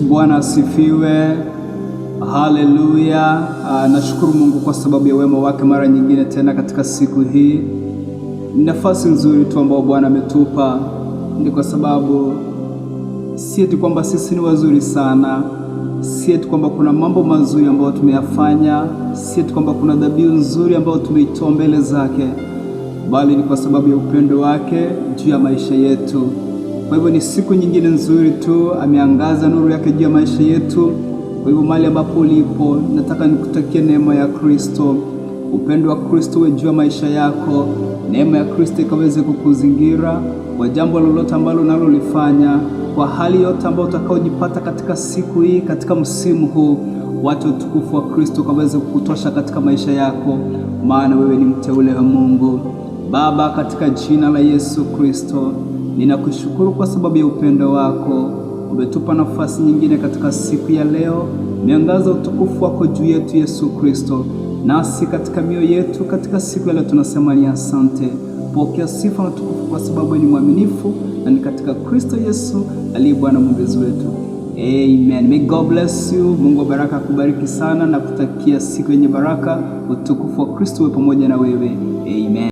Bwana asifiwe, haleluya. Ah, nashukuru Mungu kwa sababu ya wema wake mara nyingine tena katika siku hii. Ni nafasi nzuri tu ambayo Bwana ametupa, ni kwa sababu si eti kwamba sisi ni wazuri sana, si eti kwamba kuna mambo mazuri ambayo tumeyafanya, si eti kwamba kuna dhabihu nzuri ambayo tumeitoa mbele zake, bali ni kwa sababu ya upendo wake juu ya maisha yetu. Kwa hivyo ni siku nyingine nzuri tu, ameangaza nuru yake juu ya maisha yetu. Kwa hivyo mahali ambapo ulipo, nataka nikutakie neema ya Kristo, upendo wa Kristo uwe juu ya maisha yako, neema ya Kristo ikaweze kukuzingira kwa jambo lolote ambalo unalolifanya, kwa hali yote ambayo utakaojipata katika siku hii, katika msimu huu, watu utukufu wa Kristo ukaweze kukutosha katika maisha yako, maana wewe ni mteule wa Mungu Baba, katika jina la Yesu Kristo. Ninakushukuru kwa sababu ya upendo wako, umetupa nafasi nyingine katika siku ya leo. Miangaza utukufu wako juu yetu, Yesu Kristo, nasi katika mioyo yetu katika siku ya leo tunasema ni asante. Pokea sifa na utukufu kwa sababu ni mwaminifu na ni katika Kristo Yesu aliye Bwana mwombezi wetu. Amen. May God bless you. Mungu wa baraka akubariki sana na kutakia siku yenye baraka. Utukufu wa Kristo uwe pamoja na wewe. Amen.